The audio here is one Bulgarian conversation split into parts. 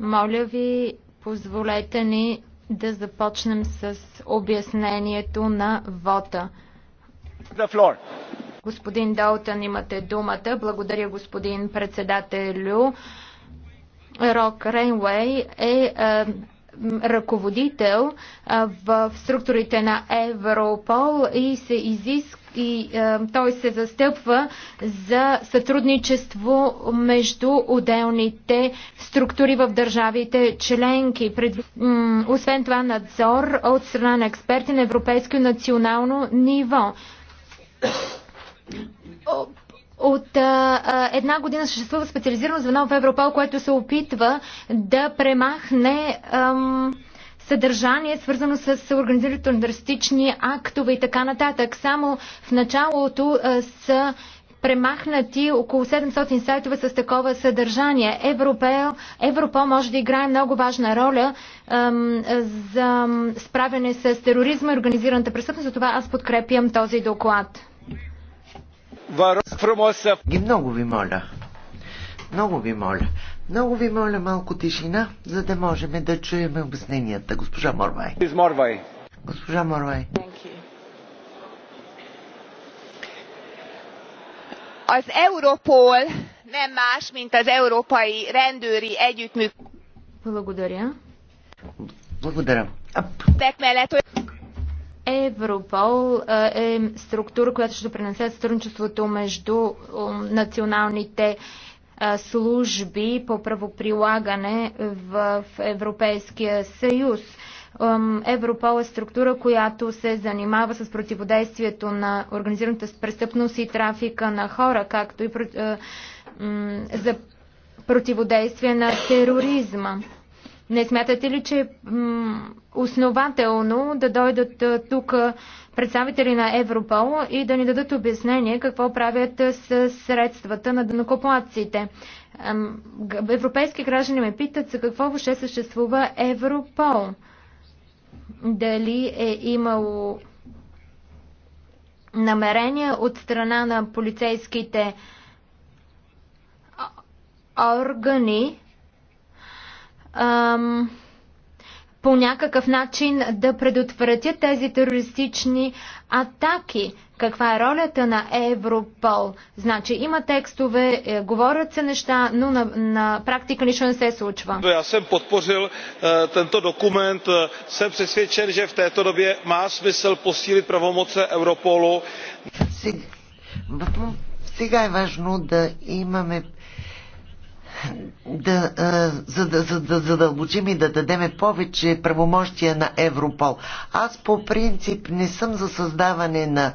Моля ви, позволете ни да започнем с обяснението на вота. Господин Долтън, имате думата. Благодаря, господин председателю. Рок Рейнвей е, е ръководител в структурите на Европол и се изиска и е, той се застъпва за сътрудничество между отделните структури в държавите членки. Пред, освен това надзор от страна на експерти на европейско и национално ниво от а, една година съществува специализирано звено в Европол, което се опитва да премахне ам, съдържание, свързано с на терористични актове и така нататък. Само в началото а, са премахнати около 700 сайтове с такова съдържание. Европол, Европол може да играе много важна роля ам, за справяне с тероризма и организираната престъпност. Затова аз подкрепям този доклад. И много ви моля. Много ви моля. Много ви моля малко тишина, за да можем да чуем обясненията. Госпожа Морвай. Госпожа Морвай. Az Europol nem más, mint az Európai Rendőri Együttműködés. Благодаря. Благодаря. Тек mellett, Европол е структура, която ще принесе сътрудничеството между националните служби по правоприлагане в Европейския съюз. Европол е структура, която се занимава с противодействието на организираната престъпност и трафика на хора, както и за противодействие на тероризма. Не смятате ли, че е, основателно да дойдат е, тук представители на Европол и да ни дадат обяснение какво правят е, с средствата на данокоплаците? Европейски граждани ме питат за какво въобще съществува Европол. Дали е имало намерения от страна на полицейските органи ам, по някакъв начин да предотвратят тези терористични атаки. Каква е ролята на Европол? Значи има текстове, е, говорят се неща, но на, на практика нищо не се случва. Я Já jsem podpořil документ. Съм Jsem přesvědčen, že v této době má smysl posílit pravomoce Europolu. Сега е важно да имаме да, за, да, за да задълбочим и да дадем повече правомощия на Европол. Аз по принцип не съм за създаване на,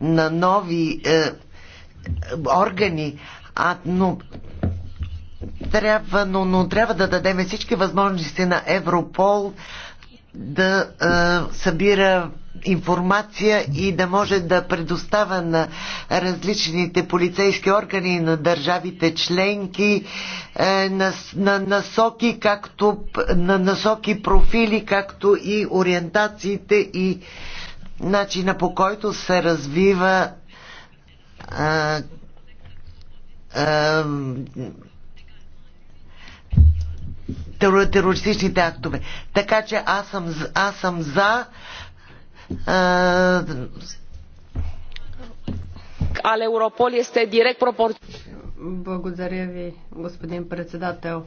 на нови е, органи, а, но трябва, но, но трябва да дадем всички възможности на Европол да е, събира информация и да може да предоставя на различните полицейски органи на държавите членки е, на, на насоки, както на насоки профили, както и ориентациите и начина по който се развива а, е, а, е, терористичните актове. Така че аз съм, аз съм за al Europol este direct proporțional. Благодаря ви, господин председател.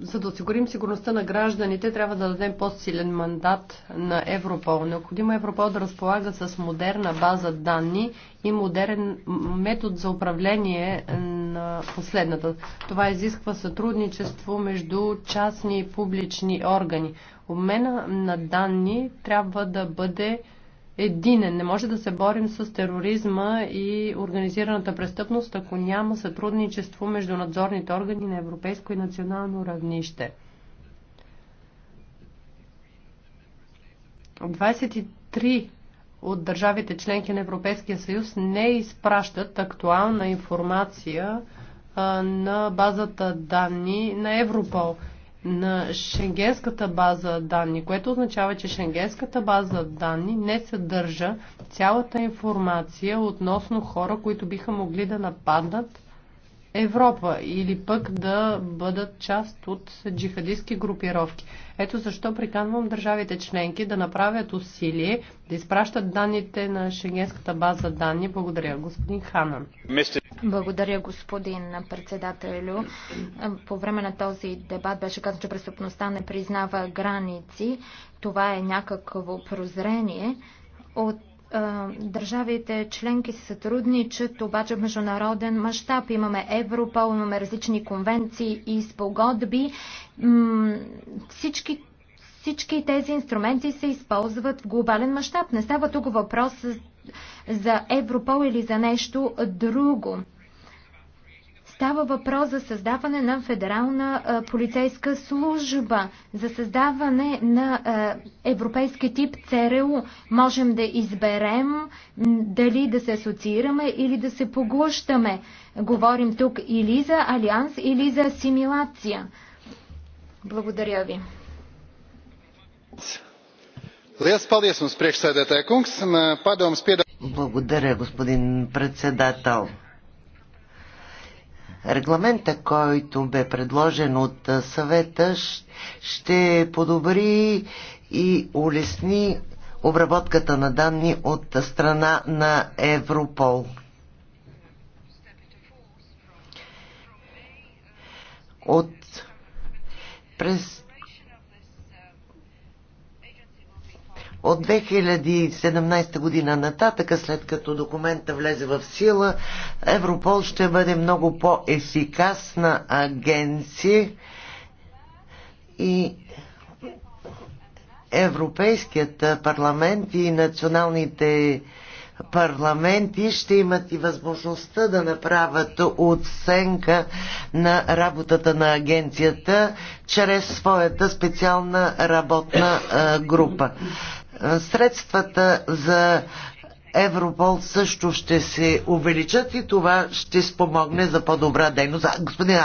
За да осигурим сигурността на гражданите, трябва да дадем по-силен мандат на Европол. Необходимо е Европол да разполага с модерна база данни и модерен метод за управление на последната. Това изисква сътрудничество между частни и публични органи. Обмена на данни трябва да бъде единен. Не може да се борим с тероризма и организираната престъпност, ако няма сътрудничество между надзорните органи на европейско и национално равнище. 23 от държавите членки на Европейския съюз не изпращат актуална информация на базата данни на Европол, на шенгенската база данни, което означава, че шенгенската база данни не съдържа цялата информация относно хора, които биха могли да нападнат Европа или пък да бъдат част от джихадистски групировки. Ето защо приканвам държавите членки да направят усилие да изпращат данните на шенгенската база данни. Благодаря, господин Ханан. Благодаря, господин председателю. По време на този дебат беше казано, че престъпността не признава граници. Това е някакво прозрение от Държавите членки се сътрудничат, обаче в международен мащаб имаме Европол, имаме различни конвенции и спогодби. Всички всички тези инструменти се използват в глобален мащаб. Не става тук въпрос за Европол или за нещо друго. Става въпрос за създаване на федерална а, полицейска служба, за създаване на а, европейски тип ЦРУ. Можем да изберем дали да се асоциираме или да се поглъщаме. Говорим тук или за алианс, или за асимилация. Благодаря ви. Благодаря, господин председател регламента, който бе предложен от съвета, ще подобри и улесни обработката на данни от страна на Европол. От през От 2017 година нататък, след като документа влезе в сила, Европол ще бъде много по-ефикасна агенция и Европейският парламент и националните парламенти ще имат и възможността да направят оценка на работата на агенцията чрез своята специална работна група средствата за Европол също ще се увеличат и това ще спомогне за по-добра дейност. Господин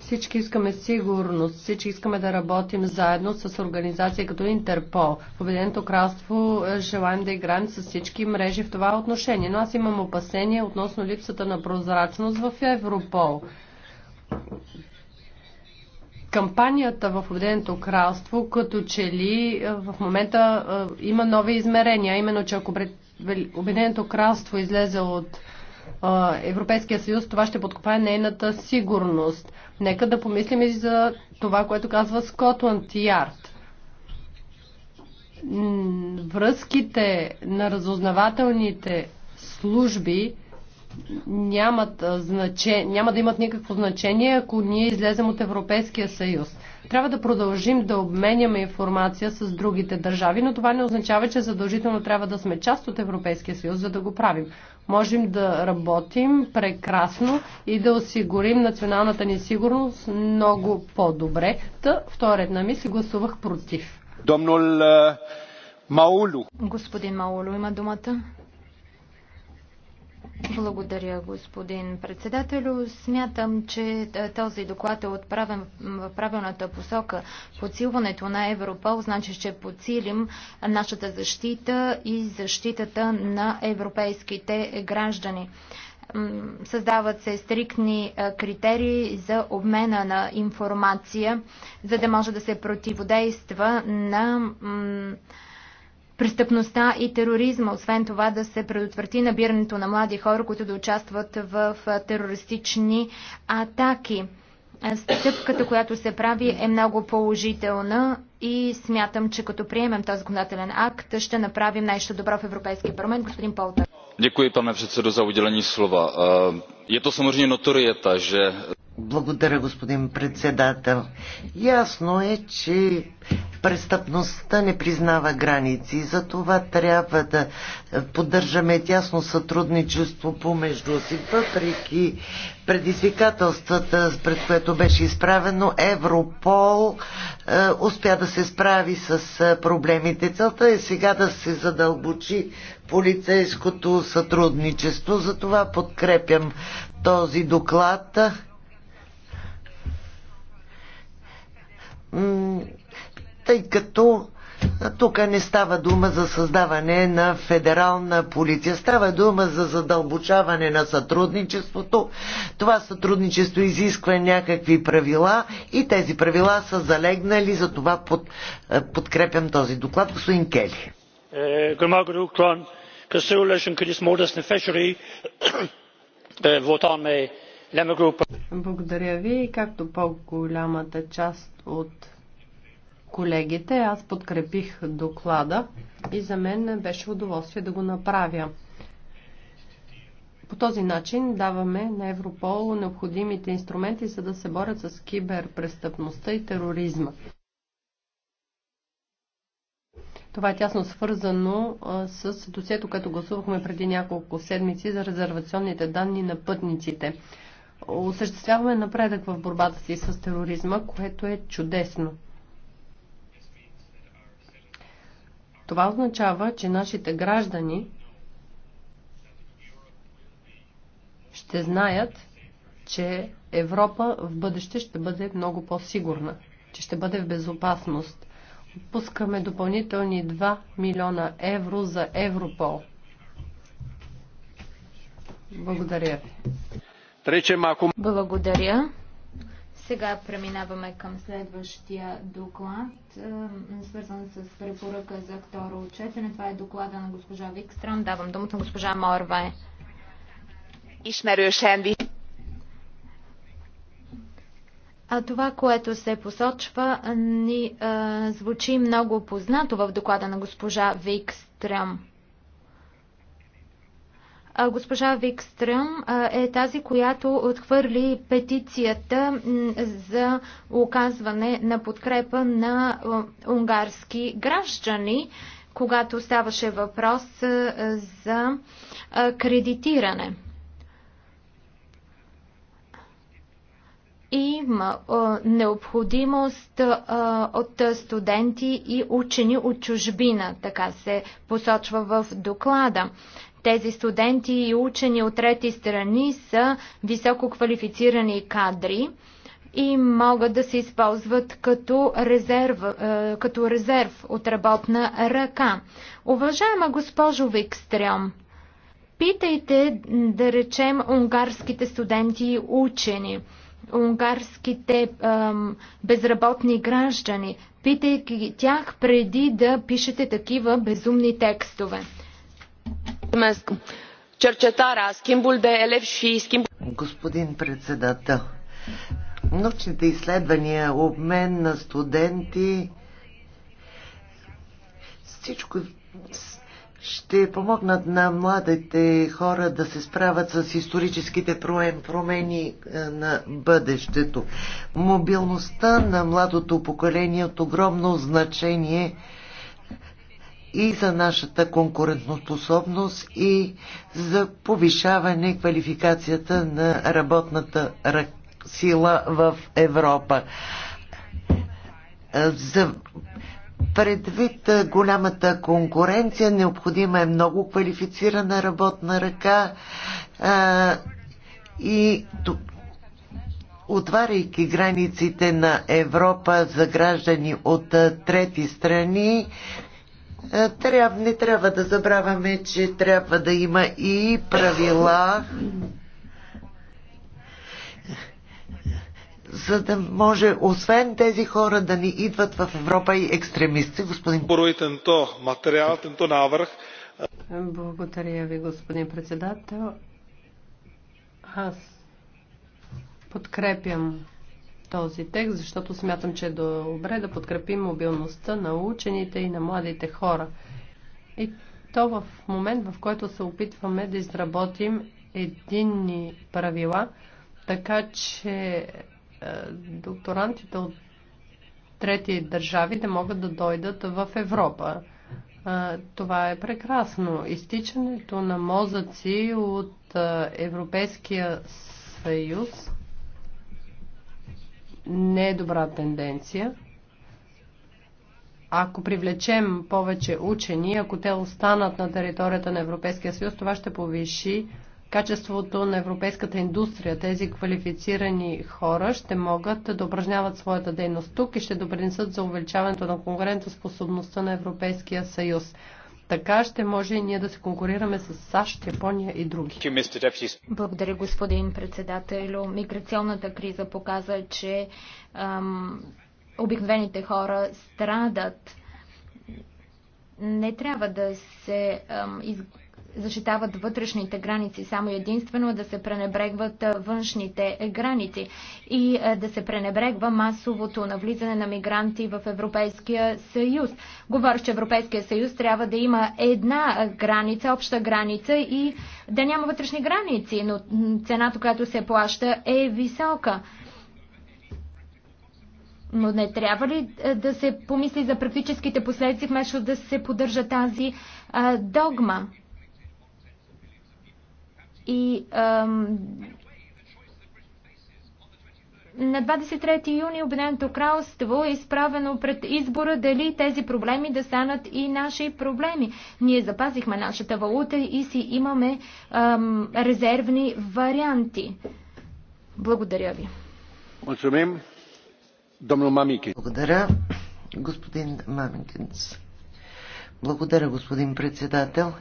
Всички искаме сигурност, всички искаме да работим заедно с организация като Интерпол. В Обединеното кралство е, желаем да играем с всички мрежи в това отношение, но аз имам опасения относно липсата на прозрачност в Европол кампанията в Обединеното кралство, като че ли е, в момента е, има нови измерения, именно че ако Обединеното кралство излезе от е, Европейския съюз, това ще подкопае нейната сигурност. Нека да помислим и за това, което казва Скотланд Ярд. Връзките на разузнавателните служби нямат значение, няма да имат никакво значение, ако ние излезем от Европейския съюз. Трябва да продължим да обменяме информация с другите държави, но това не означава, че задължително трябва да сме част от Европейския съюз, за да го правим. Можем да работим прекрасно и да осигурим националната ни сигурност много по-добре. Та, вторият на мисли, гласувах против. Домнол Маулу. Господин Маулу има думата. Благодаря, господин председателю. Смятам, че е, този доклад е отправен в правилната посока. Подсилването на Европол значи, че подсилим нашата защита и защитата на европейските граждани. Създават се стриктни е, критерии за обмена на информация, за да може да се противодейства на престъпността и тероризма. Освен това да се предотврати набирането на млади хора, които да участват в терористични атаки. Стъпката, която се прави е много положителна и смятам, че като приемем този законодателен акт, ще направим нещо добро в Европейския парламент. Господин Полтър. Děkuji, pane předsedo, za udělení slova. Je to samozřejmě notorieta, že благодаря, господин председател. Ясно е, че престъпността не признава граници и за това трябва да поддържаме тясно сътрудничество помежду си. Въпреки предизвикателствата, пред което беше изправено, Европол е, успя да се справи с е, проблемите. Целта е сега да се задълбочи полицейското сътрудничество. Затова подкрепям този доклад тъй като тук не става дума за създаване на федерална полиция. Става дума за задълбочаване на сътрудничеството. Това сътрудничество изисква някакви правила и тези правила са залегнали, за това под, е, подкрепям този доклад. Господин Кели. Е, благодаря ви. Както по-голямата част от колегите, аз подкрепих доклада и за мен беше удоволствие да го направя. По този начин даваме на Европол необходимите инструменти, за да се борят с киберпрестъпността и тероризма. Това е тясно свързано с досието, което гласувахме преди няколко седмици за резервационните данни на пътниците осъществяваме напредък в борбата си с тероризма, което е чудесно. Това означава, че нашите граждани ще знаят, че Европа в бъдеще ще бъде много по-сигурна, че ще бъде в безопасност. Отпускаме допълнителни 2 милиона евро за Европол. Благодаря ви. Благодаря. Сега преминаваме към следващия доклад, свързан с препоръка за второ отчетене. Това е доклада на госпожа Викстрам. Давам думата на госпожа Морвай. А това, което се посочва, ни а, е, звучи много познато в доклада на госпожа Викстрам. Госпожа Викстръм е тази, която отхвърли петицията за оказване на подкрепа на унгарски граждани, когато ставаше въпрос за кредитиране. Има необходимост от студенти и учени от чужбина, така се посочва в доклада. Тези студенти и учени от трети страни са високо квалифицирани кадри и могат да се използват като резерв, е, като резерв от работна ръка. Уважаема госпожо Викстрем, питайте, да речем, унгарските студенти и учени, унгарските ем, безработни граждани, питайки тях преди да пишете такива безумни текстове cercetarea schimbul de elevi și schimbul. Господин председател, научните изследвания, обмен на студенти, всичко ще помогнат на младите хора да се справят с историческите промени е, на бъдещето. Мобилността на младото поколение е от огромно значение – и за нашата конкурентоспособност и за повишаване квалификацията на работната сила в Европа. За предвид голямата конкуренция, необходима е много квалифицирана работна ръка а, и отваряйки границите на Европа за граждани от трети страни, е, Тряб, не трябва да забравяме, че трябва да има и правила, за да може, освен тези хора, да ни идват в Европа и екстремисти, господин. Тento материал, тенто навърх. Благодаря ви, господин председател. Аз подкрепям този текст, защото смятам, че е добре да подкрепим мобилността на учените и на младите хора. И то в момент, в който се опитваме да изработим единни правила, така че е, докторантите от трети държави да могат да дойдат в Европа. Е, това е прекрасно. Изтичането на мозъци от е, Европейския съюз не е добра тенденция. Ако привлечем повече учени, ако те останат на територията на Европейския съюз, това ще повиши качеството на европейската индустрия. Тези квалифицирани хора ще могат да упражняват своята дейност тук и ще допринесат за увеличаването на конкурентоспособността на Европейския съюз. Така ще може и ние да се конкурираме с САЩ, Япония и други. Благодаря, господин председател. Миграционната криза показа, че ам, обикновените хора страдат. Не трябва да се ам, из защитават вътрешните граници, само единствено да се пренебрегват външните граници и да се пренебрегва масовото навлизане на мигранти в Европейския съюз. Говоря, че Европейския съюз трябва да има една граница, обща граница и да няма вътрешни граници, но цената, която се плаща е висока. Но не трябва ли да се помисли за практическите последици, вместо да се поддържа тази а, догма? И ам, на 23 юни Обединеното кралство е изправено пред избора дали тези проблеми да станат и наши проблеми. Ние запазихме нашата валута и си имаме ам, резервни варианти. Благодаря ви. Благодаря, господин Мамикинс. Благодаря, господин председател.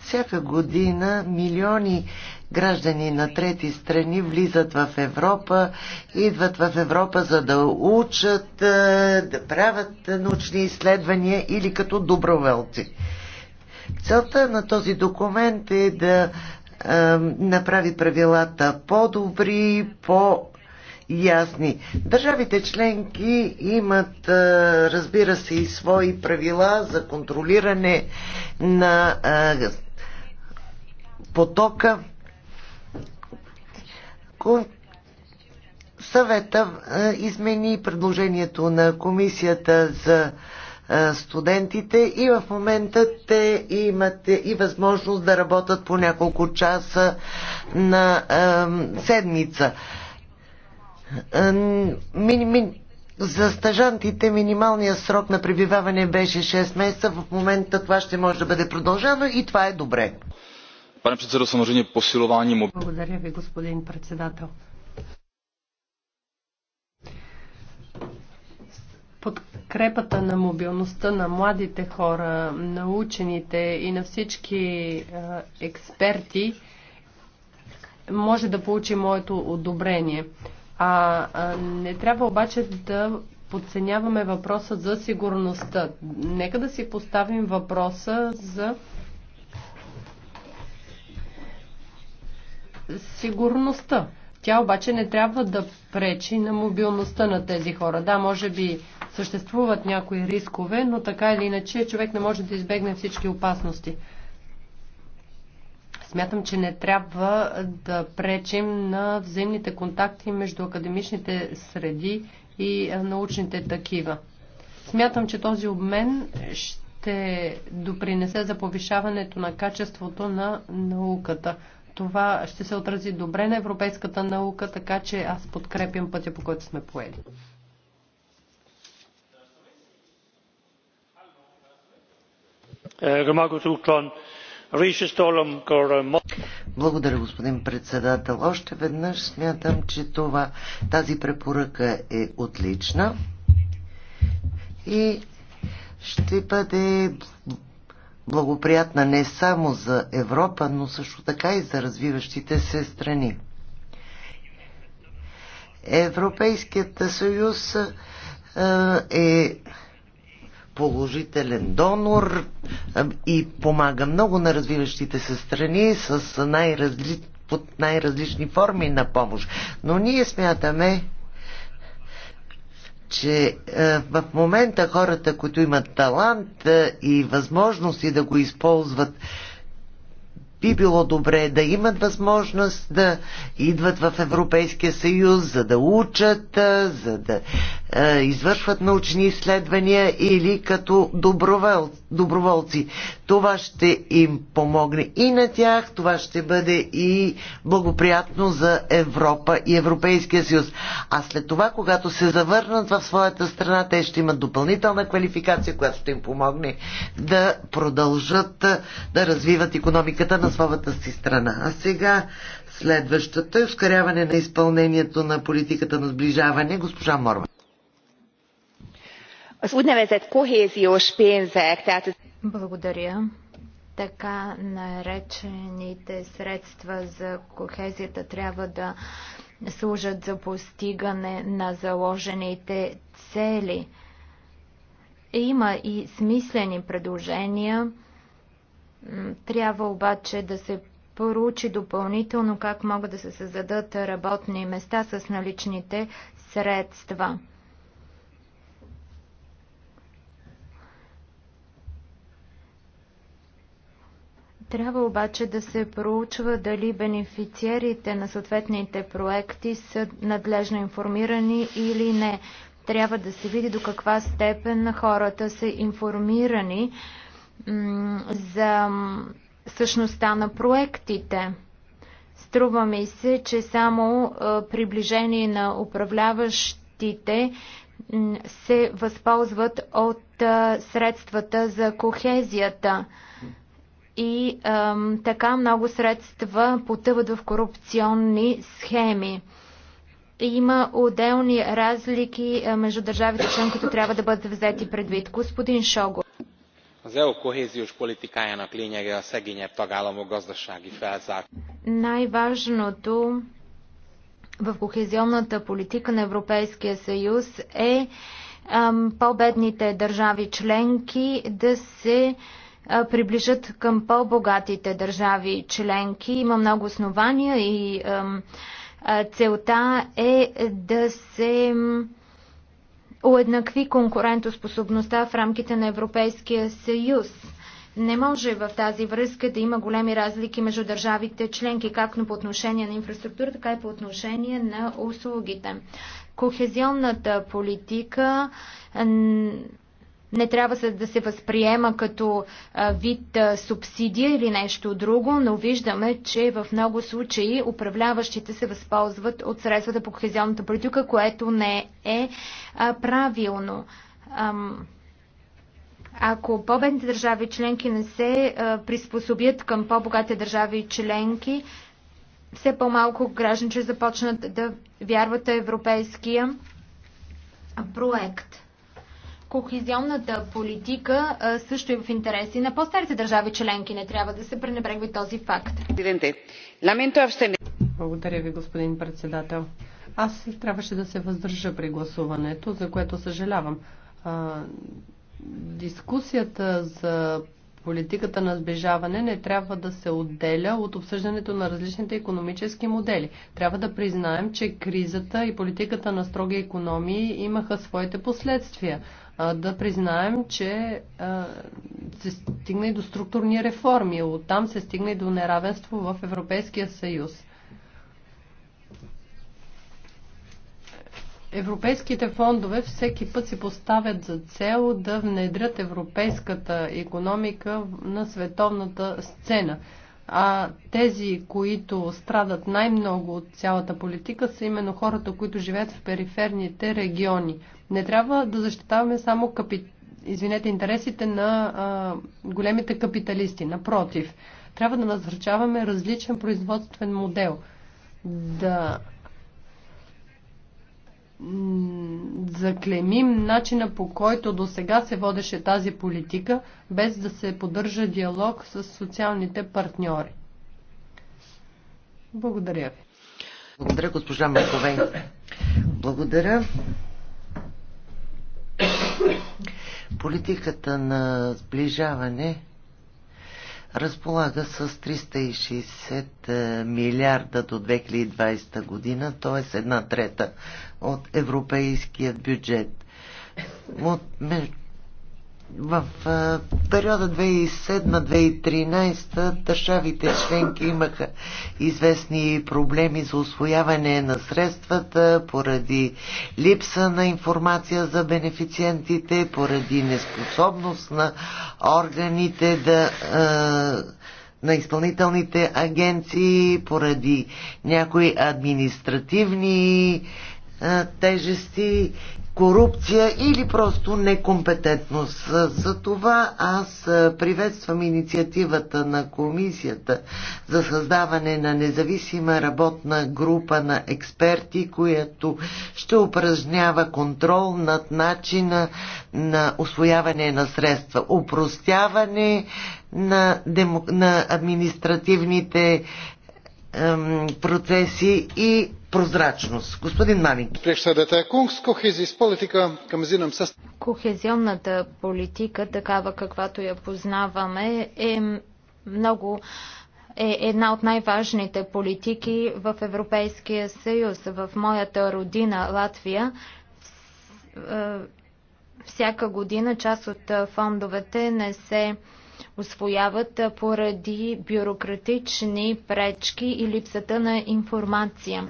Всяка година милиони граждани на трети страни влизат в Европа, идват в Европа за да учат, е, да правят научни изследвания или като доброволци. Целта на този документ е да е, направи правилата по-добри, по ясни. Държавите членки имат, разбира се, и свои правила за контролиране на потока. Съвета измени предложението на комисията за студентите и в момента те имат и възможност да работят по няколко часа на седмица. Мини, ми, за стажантите минималният срок на пребиваване беше 6 месеца. В момента това ще може да бъде продължено и това е добре. Пане председател, силование му. Благодаря ви, господин председател. подкрепата на мобилността на младите хора, на учените и на всички експерти може да получи моето одобрение. А, а не трябва обаче да подценяваме въпроса за сигурността. Нека да си поставим въпроса за сигурността. Тя обаче не трябва да пречи на мобилността на тези хора. Да, може би съществуват някои рискове, но така или иначе човек не може да избегне всички опасности. Смятам, че не трябва да пречим на взаимните контакти между академичните среди и научните такива. Смятам, че този обмен ще допринесе за повишаването на качеството на науката. Това ще се отрази добре на европейската наука, така че аз подкрепям пътя, по който сме поели. Гамагото е, Уклон благодаря, господин председател. Още веднъж смятам, че това, тази препоръка е отлична и ще бъде благоприятна не само за Европа, но също така и за развиващите се страни. Европейският съюз е, е положителен донор и помага много на развиващите се страни с най-разли... под най-различни форми на помощ. Но ние смятаме, че е, в момента хората, които имат талант е, и възможности да го използват би било добре да имат възможност да идват в Европейския съюз, за да учат, за да е, извършват научни изследвания или като добровол, доброволци. Това ще им помогне и на тях, това ще бъде и благоприятно за Европа и Европейския съюз. А след това, когато се завърнат в своята страна, те ще имат допълнителна квалификация, която ще им помогне да продължат да развиват економиката на своята си страна. А сега следващата е ускоряване на изпълнението на политиката на сближаване. Госпожа Морва. Благодаря. Така наречените средства за кохезията трябва да служат за постигане на заложените цели. Има и смислени предложения, трябва обаче да се поручи допълнително как могат да се създадат работни места с наличните средства. Трябва обаче да се проучва дали бенефициерите на съответните проекти са надлежно информирани или не. Трябва да се види до каква степен хората са информирани за същността на проектите. Струва ми се, че само приближение на управляващите се възползват от средствата за кохезията. И е, така много средства потъват в корупционни схеми. Има отделни разлики между държавите член, които трябва да бъдат взети предвид. Господин Шого az eu kohéziós politikájának lényege a szegényebb tagállamok gazdasági felzárkózása. в кохезионната политика на Европейския съюз е по-бедните държави членки да се приближат към по-богатите държави членки. Има много основания и целта е да се уеднакви конкурентоспособността в рамките на Европейския съюз. Не може в тази връзка да има големи разлики между държавите членки, както по отношение на инфраструктура, така и по отношение на услугите. Кохезионната политика не трябва да се възприема като вид субсидия или нещо друго, но виждаме, че в много случаи управляващите се възползват от средствата по кохезионната политика, което не е правилно. Ако по-бедните държави членки не се приспособят към по-богатите държави членки, все по-малко граждани ще започнат да вярват европейския проект. Кохезионната политика също е в интереси на по-старите държави членки. Не трябва да се пренебрегва този факт. Благодаря ви, господин председател. Аз трябваше да се въздържа при гласуването, за което съжалявам. дискусията за Политиката на сближаване не трябва да се отделя от обсъждането на различните економически модели. Трябва да признаем, че кризата и политиката на строги економии имаха своите последствия. а Да признаем, че се стигна и до структурни реформи. Оттам се стигна и до неравенство в Европейския съюз. Европейските фондове всеки път си поставят за цел да внедрят европейската економика на световната сцена. А тези, които страдат най-много от цялата политика, са именно хората, които живеят в периферните региони. Не трябва да защитаваме само капи... Извинете, интересите на а, големите капиталисти. Напротив, трябва да назначаваме различен производствен модел. Да заклемим начина по който до сега се водеше тази политика, без да се поддържа диалог с социалните партньори. Благодаря ви. Благодаря, госпожа Маковей. Благодаря. Политиката на сближаване разполага с 360 е, милиарда до 2020 година, т.е. една трета от европейския бюджет. От, в периода 2007-2013 държавите членки имаха известни проблеми за освояване на средствата поради липса на информация за бенефициентите, поради неспособност на органите да на изпълнителните агенции, поради някои административни тежести, корупция или просто некомпетентност. За това аз приветствам инициативата на комисията за създаване на независима работна група на експерти, която ще упражнява контрол над начина на освояване на средства, упростяване на, демо... на административните процеси и прозрачност. Господин Манинг. Кохезионната политика, такава каквато я познаваме, е много е една от най-важните политики в Европейския съюз. В моята родина Латвия е, всяка година част от е, фондовете не се освояват е, поради бюрократични пречки и липсата на информация.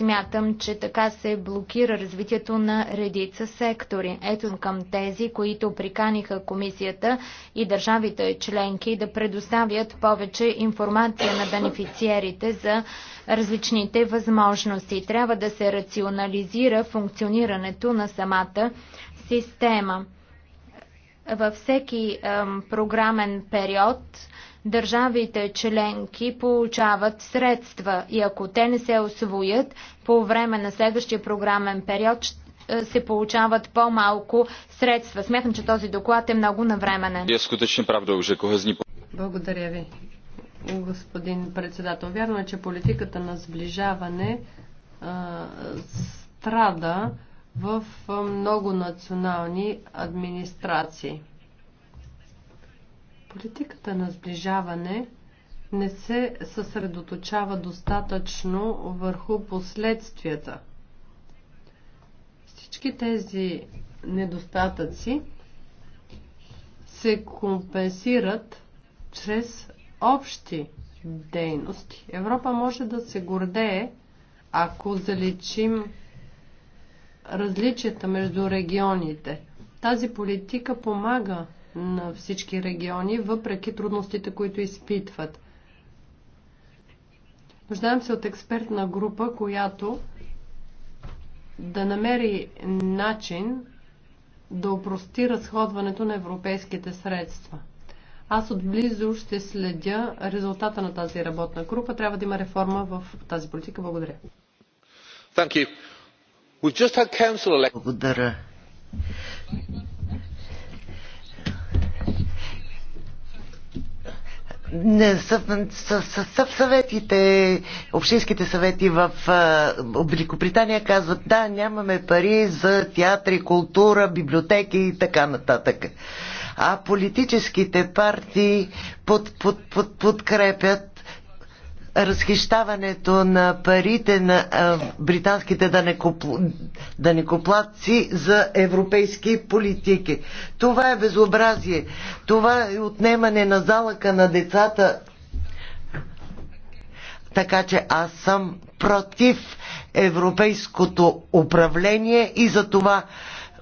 Смятам, че така се блокира развитието на редица сектори. Ето към тези, които приканиха комисията и държавите членки да предоставят повече информация на бенефициерите за различните възможности. Трябва да се рационализира функционирането на самата система. Във всеки ем, програмен период държавите членки получават средства и ако те не се освоят, по време на следващия програмен период се получават по-малко средства. Смятам, че този доклад е много навременен. Е Благодаря ви, господин председател. Вярно е, че политиката на сближаване а, страда в много национални администрации. Политиката на сближаване не се съсредоточава достатъчно върху последствията. Всички тези недостатъци се компенсират чрез общи дейности. Европа може да се гордее, ако заличим различията между регионите. Тази политика помага на всички региони, въпреки трудностите, които изпитват. Нуждаем се от експертна група, която да намери начин да опрости разходването на европейските средства. Аз отблизо ще следя резултата на тази работна група. Трябва да има реформа в тази политика. Благодаря. Thank you. Благодаря. Не, съв, съветите, общинските съвети в Великобритания казват, да, нямаме пари за театри, култура, библиотеки и така нататък. А политическите партии под, под, под, подкрепят разхищаването на парите на а, британските данекоплатци за европейски политики. Това е безобразие. Това е отнемане на залъка на децата. Така че аз съм против европейското управление и за това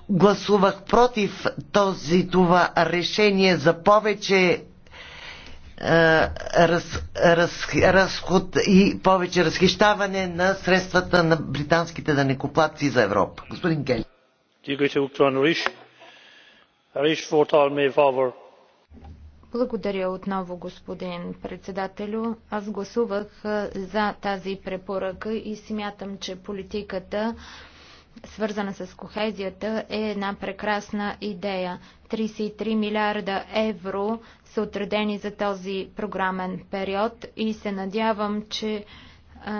гласувах против този това решение за повече е, раз, раз, разход и повече разхищаване на средствата на британските данекоплатци за Европа. Господин Гели. Е Благодаря отново, господин председателю. Аз гласувах е, за тази препоръка и смятам, че политиката свързана с кохезията, е една прекрасна идея. 33 милиарда евро са отредени за този програмен период и се надявам, че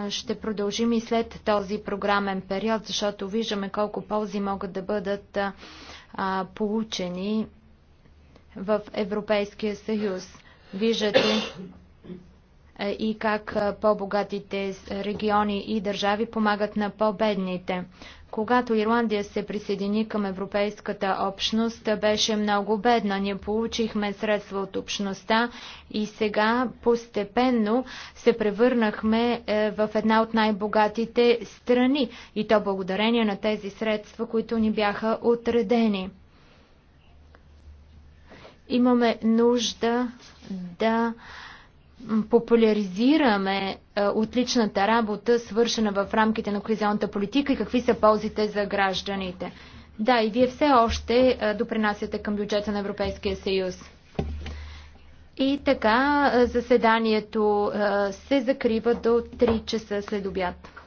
ще продължим и след този програмен период, защото виждаме колко ползи могат да бъдат получени в Европейския съюз. Виждате и как по-богатите региони и държави помагат на по-бедните. Когато Ирландия се присъедини към Европейската общност, беше много бедна. Ние получихме средства от общността и сега постепенно се превърнахме е, в една от най-богатите страни. И то благодарение на тези средства, които ни бяха отредени. Имаме нужда да популяризираме е, отличната работа, свършена в рамките на кохезионната политика и какви са ползите за гражданите. Да, и вие все още е, допринасяте към бюджета на Европейския съюз. И така е, заседанието се закрива до 3 часа след обяд.